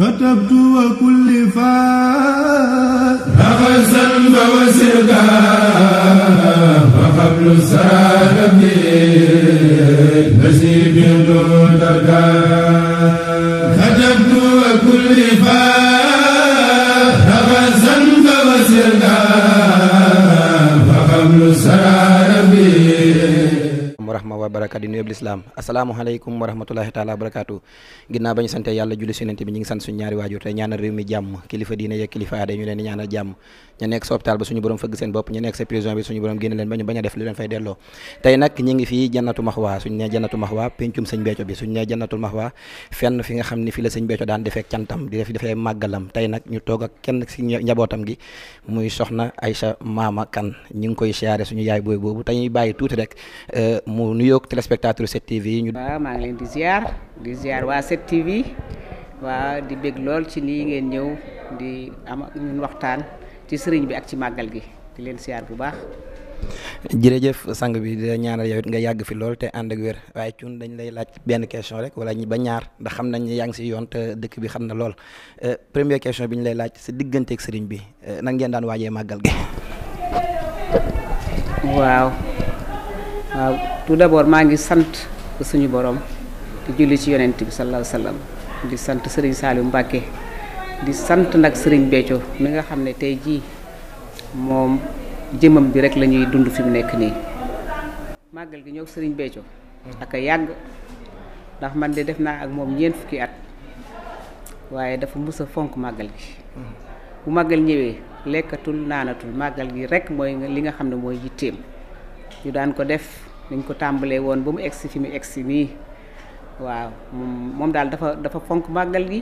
كتبت وكل فاء نفسا فوسركا وقبل سالبي نسيب دون كتبت وكل فاء wa barakaatu di nuyu lislaam asalaamaaleykum wa rahmatulahi wa barakaatu ginnaaw ba ñu yàlla julli si nante bi ñu sant suñu ñaari waajur tey ñaanal réew mi jàmm kilifa diine yeeg a def lu tey ñu ngi fii maxwa suñ ne jannatu maxwa pencum sëñ Béthio bi suñ ne jannatul maxwa fenn fi nga xam ne fi la sëñ Béthio daan defee cantam di def defee màggalam tey nag ñu toog ak kenn si njabootam gi muy soxna Aïcha Mama Kane ñu ngi koy siyaare suñu yaay booy boobu tey ñuy bàyyi nuyoog téléspectateur 7TV yi ñu. waaw maa ngi leen di ziar di waa 7TV waa di bég lool ci lii ngeen ñëw di am ñun waxtaan ci sëriñ bi ak ci màggal gi di leen ziar bu baax. jërëjëf sang bi di ñaanal yow nga yàgg fi lool te ànd ak wér waaye cun dañ lay laaj benn question rek wala ba ñaar ndax xam nañ ne yaa ngi si yoon te dëkk bi xam na lool euh, première question bi ñu lay laaj sa digganteek sëriñ bi euh, nan ngeen daan waajee màggal gi. waaw. waaw tout d'abord maa ngi sant suñu borom di julli ci yonent bi sallallahu alayhi wasallam di sant sëriñ Saliou Mbacké di sant nag sëriñ Béthio mi nga xam ne tey jii moom jëmam bi rek lañuy dund fi mu nekk nii màggal gi ñëw sëriñ Béthio ak yàgg ndax man de def naa ak moom ñeent fukki at waaye dafa mus a fonk màggal gi mm-hmm. bu màggal ñëwee lekkatul naanatul màggal gi rek mooy li nga xam ne mooy yitteem ñu daan ko def dañ ko tàmbalee woon ba mu egsi fi mu egsi nii waaw moom moom daal dafa dafa fonk màggal gi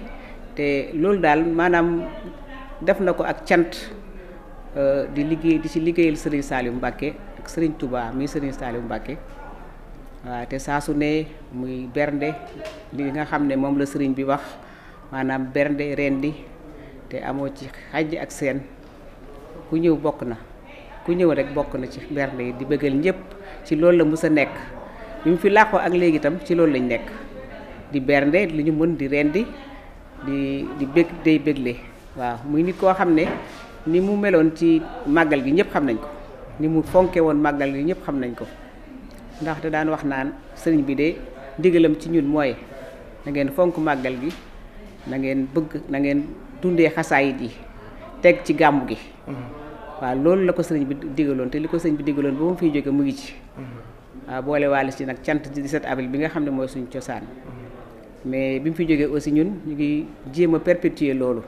te loolu daal maanaam def na ko ak cant euh, di liggéey di ci liggéeyal Serigne Saliou Mbacké ak Serigne Touba muy Serigne Saliou Mbacké waaw te saa su ne muy bernde li nga xam ne moom la sëriñ bi wax maanaam bernde rendi te amoo ci xaj ak seen ku ñëw bokk na ku ñëw rek bokk na ci bernde yi di bëggal ñëpp ci loolu la mu sa nekk bi mu fi làqoo ak léegi itam ci loolu lañ nekk di bernde li ñu mën di rendi di di bég day bégle waaw muy nit koo xam ne ni mu meloon ci màggal gi ñëpp xam nañ ko ni mu fonke woon màggal gi ñëpp xam nañ ko ndax da daan wax naan sëriñ bi de ndigalam ci ñun mooy na ngeen fonk màggal gi na ngeen bëgg na ngeen dundee xasaayit yi teg ci gàmmu gi mm-hmm. waaw loolu la ko sëriñ bi digaloon te li ko sëriñ bi digaloon ba mu fiy jóge mu ngi ci mhm. waaw boole waale ci nag cant 17 avril bi nga xam ne mooy suñu cosaan mhm. mais bi mu fi jógee aussi ñun ñu ngi jéem a perpétuer loolu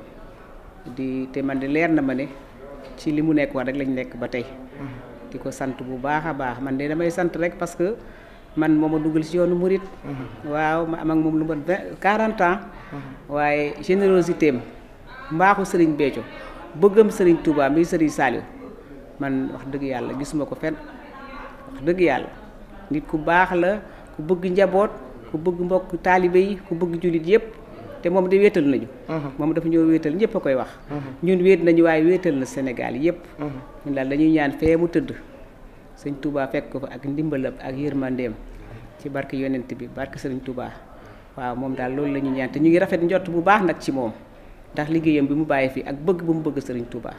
di te man di leer na ma ne ci li mu nekk wax rek lañ nekk ba tey mhm. di ko sant bu baax a baax man de damay sant rek parce que man moo ma dugal ci yoonu murit waaw ma am ak moom lu mat vingt quarante waaye générosité am mbaaxu sëriñ Béthio bëggam sëriñ Touba mi sëriñ Saliou man wax dëgg yàlla gisuma ko fenn wax dëgg yàlla nit ku baax la ku bëgg njaboot ku bëgg mbokk taalibe yi ku bëgg jullit yépp te moom de wéetal nañu mhm. moom dafa ñoo wéetal ñépp a koy wax mhm. ñun wéet nañu waaye wéetal na senegal yépp mhm. ñun daal dañuy ñaan fee mu tëdd sëñ Touba fekk ko fa ak ndimbalam ak yërmandeem ci barke yonent bi barke sëriñ Touba waaw moom daal loolu la ñuy ñaan te ñu ngi rafet njott bu baax nag ci moom ndax liggéeyam bi mu bàyyi fii ak bëgg bu mu bëgg sëriñ Touba.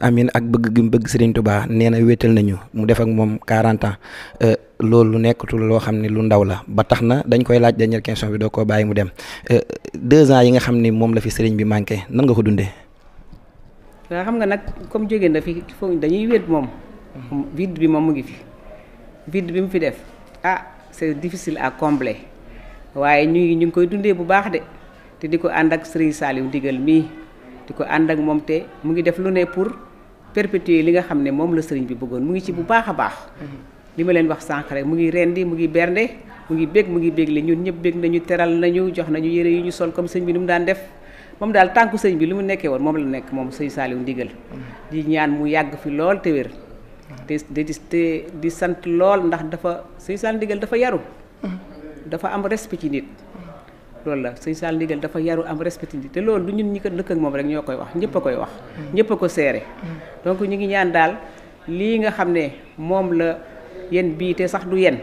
Amin ak bëgg gi mu bëgg sëriñ Touba nee na wéetal nañu mu def ak moom 40 ans euh, loolu nekkatul loo xam ne lu ndaw la ba tax na dañ koy laaj dernière question bi doo ko bàyyi mu dem euh, deux ans yi nga xam ni moom la fi sëriñ bi manqué nan nga ko dundee. waaw xam nga nag comme jóge na fi foofu dañuy wéet moom. vide bi moom mu ngi fi. vide bi mu fi def ah c'est difficile ak combler waaye ñu ñu ngi koy dundee bu baax te di ko ànd ak Serigne Saliou Ndigal mii di ko ànd ak moom te mu ngi def lu ne pour perpétuer li nga xam ne moom la Serigne bi bëggoon mu ngi ci bu baax a baax. li ma leen wax sànq rek mu ngi rendi mu ngi bernde mu ngi bég mu ngi bégle ñun ñëpp bég nañu teral nañu jox nañu yére yi ñu sol comme sëñ bi ni mu daan def. moom daal tànku sëñ bi li mu nekkee woon moom la nekk moom sëñ Saliou Ndigal di ñaan mu yàgg fi lool te wér. te di sant lool ndax dafa sëñ Saliou Ndigal dafa yaru. dafa loolu la sëñ Sall Ndigal dafa yaru am respecté te lool du ñun ñi ko dëkk ak moom rek ñoo koy wax ñëpp a koy wax ñëpp a ko seere donc ñu ngi ñaan daal lii nga xam ne moom la yenn bii te sax du yen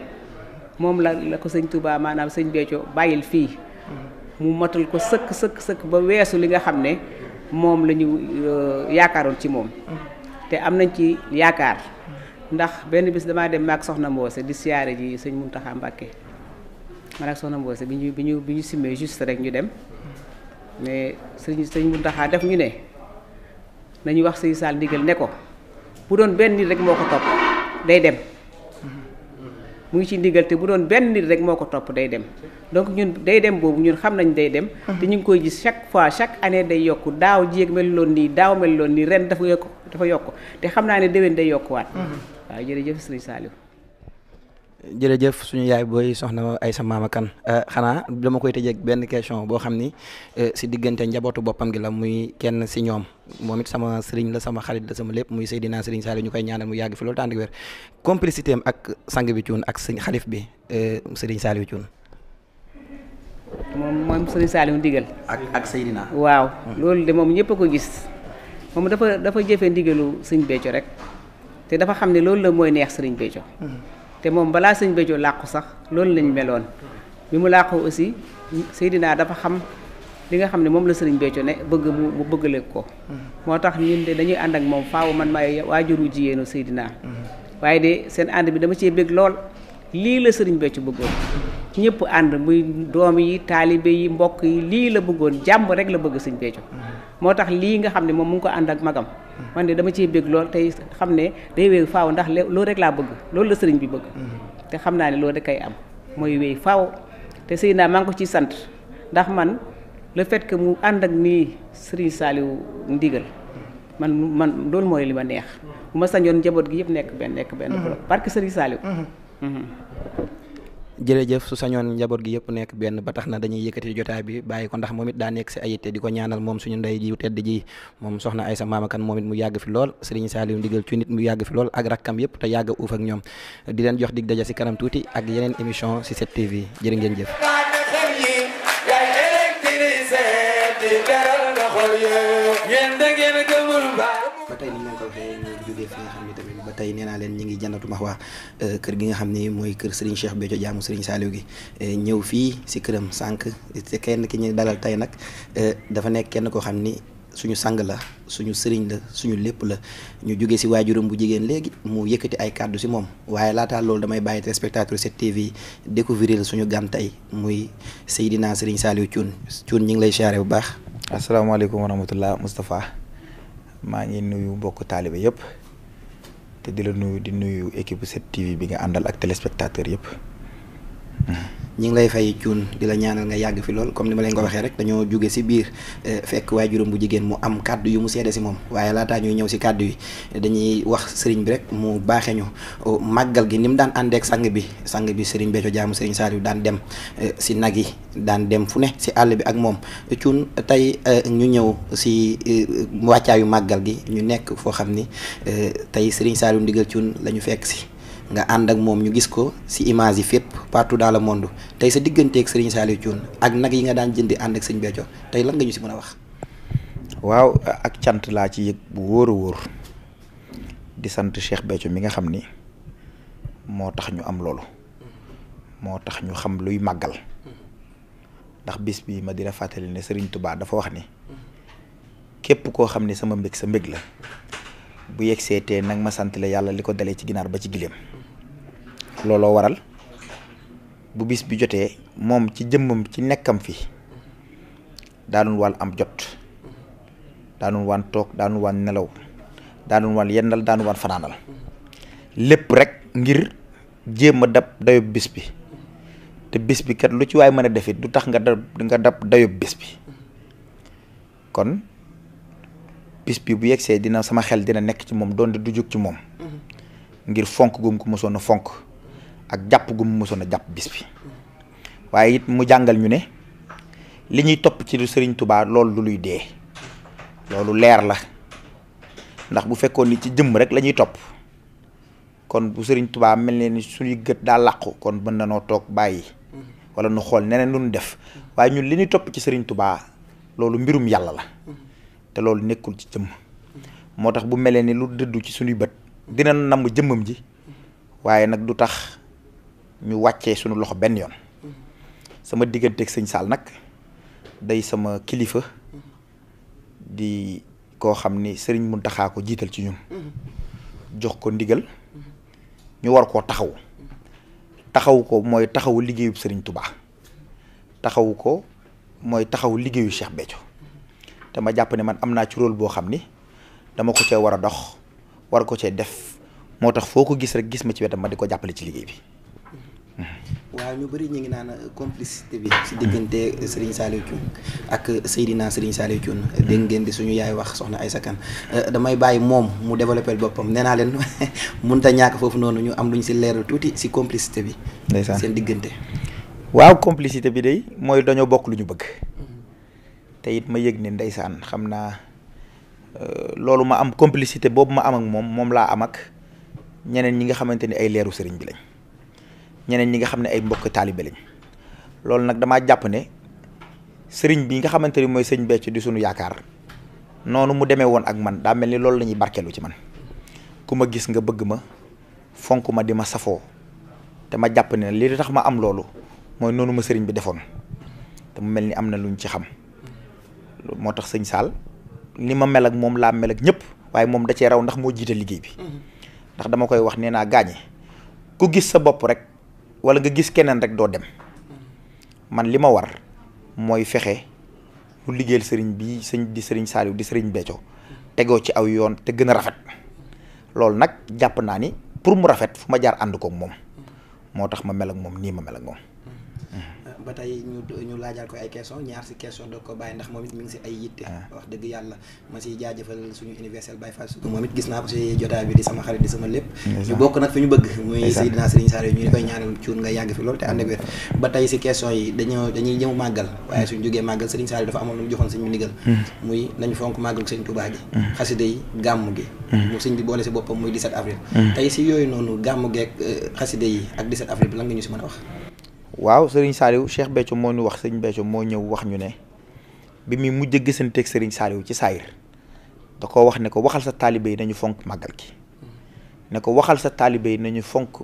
moom la la ko sëñ Touba maanaam sëñ Béthio bàyyil fii mu matal ko sëkk sëkk sëkk ba weesu li nga xam ne moom la ñu euh, yaakaaroon ci moom te am nañ ci yaakaar ndax benn bis damaa dem maag soxna Mboose di siyaare ji sëñ Muntaxa Mbàkke man ak soxna Mboose bi ñu bi ñu bi ñu simmee juste rek ñu dem mais sëñ sëñ Muntaxa daf ñu ne nañu wax sëñ Saal ndigal ne ko bu doon benn nit rek moo ko topp day dem mu ngi ci ndigal bu doon benn nit rek moo ko topp day dem donc ñun day dem boobu ñun xam nañ day dem te ñu ngi koy gis chaque fois chaque année day yokku daaw jéeg mel loon nii daaw mel loon nii ren dafa yokk dafa yokk te xam naa ne déwén day yokkuwaat waaw jërëjëf sëñ Saliou jërëjëf suñu yaay booy soxna ay sa maama kan euh, xanaa dama koy tëjeek benn question boo xam ni euh, si diggante njabootu boppam gi la muy kenn si ñoom moom it sama sëriñ la sama xarit la sama lépp muy Seydina Sëriñ Saliou ñu koy ñaanal mu yàgg fi loolu tànd ak wér complicité am ak sang bi Thioune ak sëñ xalif bi euh, Sëriñ Saliou Thioune. moom moom Sëriñ Saliou ndigal. ak ak Seydina. waaw hmm. loolu de moom ñëpp a ko gis moom dafa dafa jëfee ndigalu sëñ Béthio rek te dafa xam ne loolu la mooy neex sëriñ Béthio. Hmm. te moom balaa sëñ Béthio làqu sax loolu lañ meloon bi mu làqu aussi Seydina dafa xam li nga xam ne moom la sëriñ Béthio ne bëgg mu mu bëggale ko moo tax ñun de dañuy ànd ak moom faaw man maay waajuru jigéenu Seydina waaye de seen ànd bi dama cee bëgg lool lii la sëriñ Béthio bëggoon ñëpp ànd muy doom yi taalibe yi mbokk yi lii la bëggoon jàmb rek la bëgg sëñ Béthio moo tax lii nga xam ne moom mu ngi ko ànd ak magam man de dama ciy bég lool tey xam ne day wéy faaw ndax loolu rek laa bëgg loolu la sëriñ bi bëgg mm-hmm. te xam naa ne loolu rek kay am mooy wéy faw te sëy naa maa ngi ko ci sant ndax man le fait que mu ànd ak nii sëriñ Saliou ndigal man man loolu mooy li ma neex mm-hmm. bu ma sañoon njaboot gi yëpp nekk benn nekk benn mm-hmm. bloc parce que sëriñ Saliou jërëjëf su sañoon njaboot gi yëpp nekk benn ba tax na dañuy yëkkati jotaa bi bàyyi ko ndax moom it daa nekk si ay yitte di ko ñaanal moom suñu ndey ji tedd ji moom soxna Aysa Maama Kan moom it mu yàgg fi lool Serigne Saliou ndigal ci nit mu yàgg fi lool ak rakkam yëpp te yàgg uuf ak ñoom di leen jox dig daja si kanam tuuti ak yeneen émission si 7TV jërë ngeen jëf. tey nee naa leen ñi ngi jannatu maxwa euh, kër gi nga xam ni mooy kër Serigne Cheikh Béthio jaamu Serigne Saliou gi euh, ñëw fii si këram sànq te kenn ki ñu dalal tey nag euh, dafa nekk kenn koo xam ni suñu sang la suñu sëriñ la suñu lépp la ñu jóge si waajuram bu jigéen léegi mu yëkkati ay kàddu si moom waaye laataa loolu damay bàyyi téléspectateur 7TV découvrir suñu gan tey muy Seydina Serigne Saliou Thioune Thioune ñu ngi lay siyaare bu baax. asalaamaaleykum wa rahmatulah Moustapha maa ngi nuyu mbokk taalibe yëpp. te di la nuyu di nuyu équipe 7TV bi nga àndal ak téléspectateur yëpp. ñi ngi lay fay cuun di la ñaanal nga yàgg fi lool comme ni ma leen ko waxee rek dañoo jóge si biir eh, fekk juróom bu jigéen mu am kàddu yu mu seede si moom waaye laataa ñuy ñëw si kàddu yi dañuy wax sëriñ rek mu baaxee ñu màggal gi ni mu daan àndeek sang bi sang bi sëriñ Béthio jaamu sëriñ Saliou daan dem eh, si nag yi daan dem fu ne si àll bi ak moom cuun tey eh, ñu ñëw si wàccaayu màggal gi ñu nekk foo xam ni tey sëriñ Saliou ndigal cuun la ñu fekk si nga ànd ak moom ñu gis ko si image yi fépp partout dans le monde tey sa digganteek Serigne Saliou Thioune ak nag yi nga daan jëndi ànd ak sëñ Béthio tey lan nga ñu si mën a wax. waaw ak cant laa ci yëg bu wóor wóor di sant Cheikh Béthio mi nga xam ni moo tax ñu am loolu moo tax ñu xam luy màggal ndax bis bi ma dina fàttali ne sëriñ tubaab dafa wax ni képp koo xam ni sama mbég sa mbëg la. bu yegg seetee nag ma sant la yàlla li ko dalee ci ginaar ba ci gileem looloo waral bu bis bi jotee moom ci jëmmam ci nekkam fi daanu wàll am jot daanu waan toog daanu waan nelaw daanu waan yennal daanu waan fanaanal lépp rek ngir jéem a dab dayob bis bi te bis bi kat lu ci waay mën a defit du tax nga dab dayob bis bi kon bis bi bu yegsee dina sama xel dina nekk ci moom doonte du jóg ci moom mm-hmm. ngir fonk gum ko mosoon fonk ak jàpp gu mu mosoon a jàpp bis bi waaye it mu jàngal ñu ne li ñuy topp ci Sëriñ Tubaa loolu du luy dee loolu leer la ndax bu fekkoon ni ci jëmm rek lañuy topp kon bu Sëriñ Tubaa mel ne ni suñuy gët daa làqu kon mën na noo toog bàyyi wala nu xool neneen lu nu def waaye ñun li ñuy topp ci Sëriñ Tubaa loolu mbirum yàlla la te loolu nekkul ci jëmm moo tax bu melee ni lu dëddu ci suñuy bët dina namm jëmmam ji waaye nag du tax ñu wàccee suñu loxo benn yoon sama diggante ak sëñ Saal nag day sama kilifa di koo xam ni sëriñ Muntaxa ko jiital ci ñun jox ko ndigal ñu war koo taxaw taxaw ko mooy taxawu liggéeyu sëriñ Tubaa taxawu ko mooy taxawu liggéeyu Cheikh Béthio te ma jàpp ne man am naa ci rôle boo xam ni dama ko cee war a dox war ko cee def moo tax foo ko gis rek gis ma ci wetam ma di ko jàppale ci liggéey bi waaw ñu bëri ñu ngi naan complicité bi si diggante Serigne Saliou Thioune ak Seydina Serigne Saliou Thioune dégg ngeen di suñu yaay wax soxna Aïssa Kane euh, damay bàyyi moom mu développé boppam nee naa leen mënut a ñàkk foofu noonu ñu am lu ñu si leeral tuuti si complicité bi. ndeysaan seen diggante. waaw complicité bi day mooy dañoo bokk lu ñu bëgg. Mhm. te it ma yëg ne ndeysaan xam naa euh, loolu ma am complicité boobu ma am ak moom moom laa am ak ñeneen ñi nga xamante ni ay leeru sëriñ bi lañ. ñeneen ñi nga xam ne ay mbokk taalibe lañ loolu nag damaa jàpp ne sëriñ bi nga xamante ni mooy sëñ Béthio di suñu yaakaar noonu mu demee woon ak man daa mel ni loolu la ñuy barkeelu ci man ku ma gis nga bëgg ma fonk ma di ma safoo te ma jàpp ne li tax ma am loolu mooy noonu ma sëriñ bi defoon te mu mel ni am na luñ ci xam moo tax sëñ Saal ni ma mel ak moom laa mel ak ñëpp waaye moom da cee raw ndax moo jiite liggéey bi mm-hmm. ndax dama koy wax nee naa gaañe ku gis sa bopp rek. wala nga gis keneen rek doo dem man li ma war mooy fexe mu liggéeyal sëriñ bi sëñ di sëriñ Saliou di sëriñ Béthio tegoo ci aw yoon te gën a rafet loolu nag jàpp naa ni pour mu rafet fu ma jaar ànd koog moom moo tax ma mel moom nii ma mel moom. ba tey ñu ñu laajal ko ay question ah. ñaar si question yi dañuy jëm màggal waaye suñu jógee màggal Serigne Sarr dafa amoon lu mu joxoon suñu ndigal hmm. muy nañu fonk màggal Serigne hmm. hmm. avril tey si yooyu noonu gàmm geeg euh, xasida yi ak 17 avril bi lan nga ñu si mën a wax waaw sëriñ Saliou Cheikh Béthio moo nu wax sëriñ Béthio moo ñëw wax ñu ne bi muy mujj gisanteeg sëriñ Saliou ci saayir da ko wax ne ko waxal sa taalibe yi nañu fonk màggal gi ne ko waxal sa taalibe nañu fonk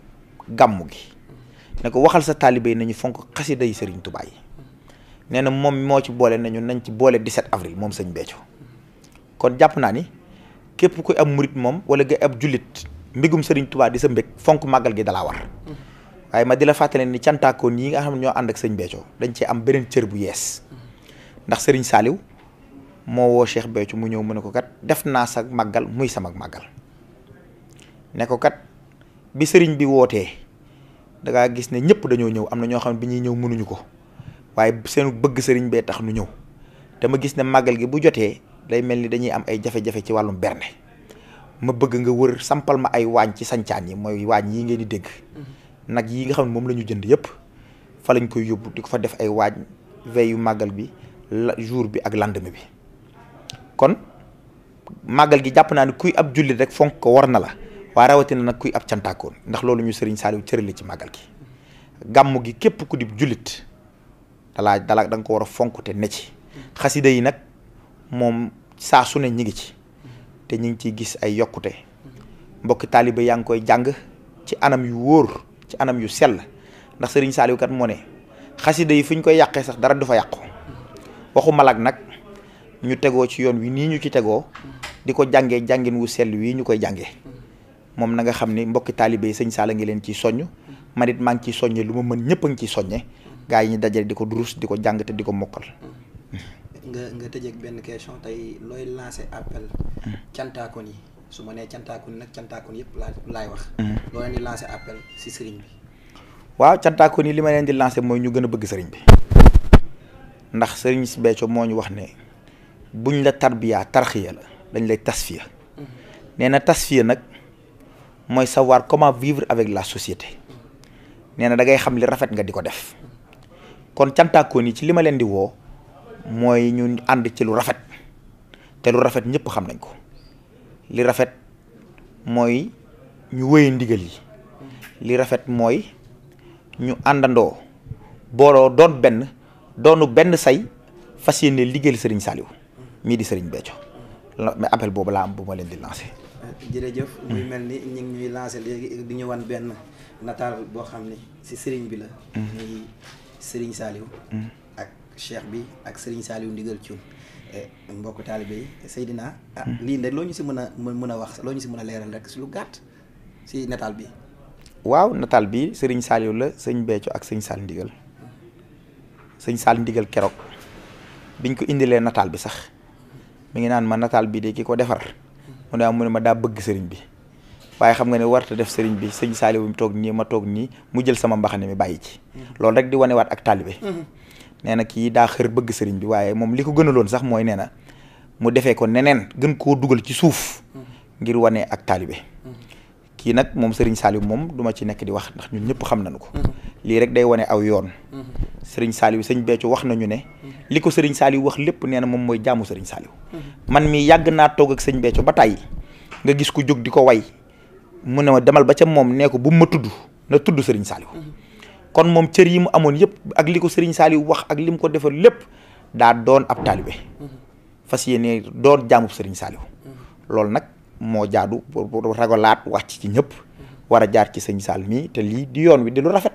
gàmmu gi ne ko waxal sa taalibe yi nañu fonk xasida yi sëriñ tubaay yi nee na moom moo ci boole nañu nañ ci boole 17 avril moom sëñ Béthio kon jàpp naa ni képp kuy ab murit moom wala nga ab jullit mbigum sëriñ Tuubaa di sa mbég fonk màggal gi dala war waaye ma di la fàttali ni cantaakoon yi nga xam ne ñoo ànd ak sëñ Béthio dañ cee am beneen cër bu yees ndax sëriñ saaliw moo woo Cheikh Béthio mu ñëw mu ne ko kat def naa sa màggal muy sama màggal ne ko kat bi sëriñ bi wootee dangaa gis ne ñëpp dañoo ñëw am na ñoo xam ne bi ñuy ñëw mënuñu ko waaye seen bëgg sëriñ bee tax nu ñëw te ma gis ne màggal gi bu jotee day mel ni dañuy am ay jafe-jafe ci wàllum berne ma bëgg nga wër sampal ma ay waañ ci sancaan yi mooy waañ yi ngeen di dégg. nag yi nga xam ne moom la ñu jënd yëpp fa lañ koy yóbbu di ko fa def ay waaj veille yu màggal bi la jour bi ak lendemain bi kon màggal gi jàpp naa ne kuy ab jullit rek fonk ko war na la waaye rawatina nag kuy ab cantaakoon ndax loolu ñu sëriñ Saliou cërale ci màggal gi gàmm gi képp ku di jullit dalaa dalaa da ko war a fonk te ne ci xasida yi nag moom saa su ne ñi ngi ci te ñi ngi ciy gis ay yokkute mbokki taaliba yaa ngi koy jàng ci anam yu wóor ci anam yu sell ndax sëriñ Saaliw kat moo ne xasida yi fu ñu koy yàqee sax dara du fa yàqu waxu malak nag ñu tegoo ci yoon wi nii ñu ci tegoo di ko jàngee jàngin wu sell wii ñu koy jàngee moom na nga xam ni mbokki taalibe yi sëñ Saala ngi leen ci soññ man maa ngi ciy soññe lu ma mën ñëpp a ngi ciy soññe gaa yi ñu dajale di ko durus di ko jàng te di ko mokkal nga nga tëjeeg benn question tey looy lancé appel hmm. cantaakoon yi su ma nee cantaakun nag cantaakun yëpp laa laay wax. Mhm. loo leen di lancer appel si sëriñ bi. waaw cantaakun yi li ma leen di lancer mooy ñu gën a bëgg sëriñ bi ndax sëriñ si Béthio moo ñu wax ne buñ la tarbiyaa tarxiya la dañ lay tasfiya mhm. nee na tasfiya nag mooy savoir comment vivre avec la société nee na da ngay xam li rafet nga di ko def kon cantaakun yi ci li ma leen di woo mooy ñu ànd ci lu rafet te lu rafet ñëpp xam nañ ko. li rafet mooy ñu wéy ndigal yi li rafet mooy ñu àndandoo booloo doon benn doonu benn say fas yéene liggéeyal sëriñ Saliou mii di Serigne Béthio mais appel boobu laa am bu ma leen di lancé. jërëjëf hmm. muy mel ni ñu ngi ñuy lancé léegi di ñu wan benn nataal boo xam ne si sëriñ bi la. Hmm. muy Serigne Saliou. Hmm. ak Cheikh bi ak sëriñ Saliou ndigal Thioune. Eh, mbokk taalibe yi Seydina. Ah, hmm. lii ne loo ñu si mën a mën a wax loo ñu si mën a leeral rek si lu gàtt si nataal bi. waaw nataal bi sëriñ Saliou la sëñ Béthio ak sëñ Sall Ndigal sëñ Sall Ndigal keroog biñ ko indilee nataal bi sax mu ngi naan ma nataal bi de ki ko defar mu ne mu ne ma daa bëgg sëriñ bi waaye xam nga ne warta def sëriñ bi sëñ Saliou mu toog nii ma toog nii mu jël sama mbaxane mi bàyyi ci. Hmm. loolu rek di wanewaat ak taalibe. Hmm. nee na kii daa xër bëgg sëriñ bi waaye moom li ko gënaloon sax mooy nee na mu defee ko neneen gën koo dugal ci suuf ngir wane ak taalibe kii nag moom sëriñ Saliou moom duma ci nekk di wax ndax ñun ñëpp xam nañu ko lii rek day wane aw yoon Serigne Saliou sëñ Béthio wax nañu ne li ko sëriñ Saliou wax lépp nee na moom mooy jaamu sëriñ Saliou man mii yàgg naa toog ak sëñ Béthio ba tàyyi nga gis ku jóg di ko way mu ne ma demal ba ca moom nee ko bu ma tudd na tudd sëriñ Saliou kon moom cër yi mu amoon yëpp ak li ko Serigne Saliou wax ak li mu ko defal lépp daa doon ab taalibe fas yéene doon jaamub sëriñ Saliou loolu nag moo jaadu laat wax ci ñëpp war a jaar ci sëñ saal mii te lii di yoon wi di lu rafet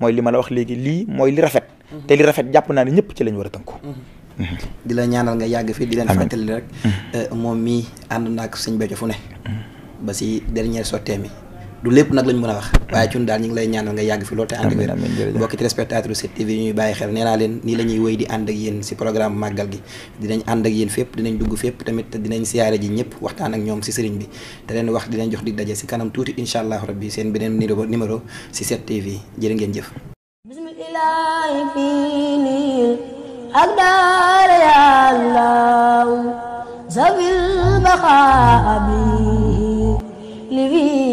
mooy li ma la wax léegi lii mooy li rafet te li rafet jàpp naa ne ñëpp ci lañ war a tënku di la ñaanal nga yàgg fii di leen fàttali rek euh, moom mii ànd naak sëñ Béthio fu ne ba si dernière sottee mi du lépp nag lañ mën a wax waaye cun daal ñu ngi lay ñaanal nga yàgg fi loolu te ànd ak wér mbokki téléspectateur 7TV ñuy bàyyi xel nee naa leen nii la ñuy wéy di ànd ak yéen si programme màggal gi dinañ ànd ak yéen fépp dinañ dugg fépp tamit dinañ siyaare ji ñëpp waxtaan ak ñoom si sëriñ bi te leen wax dinañ jox di daje si kanam tuuti incha allahu rabbi seen beneen numéro si 7TV jërë ngeen jëf bismillahi fii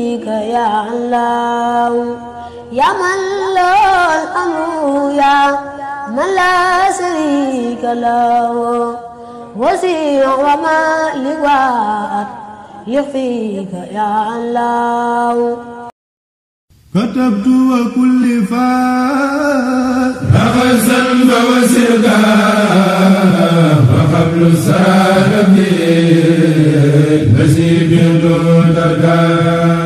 شريك يا الله يا من له الأمر يا من لا شريك له وسيع وما لواء يخفيك يا الله كتبت وكل فاء نفسا فوسردا وقبل سالبي نسيب دون دردا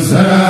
Sara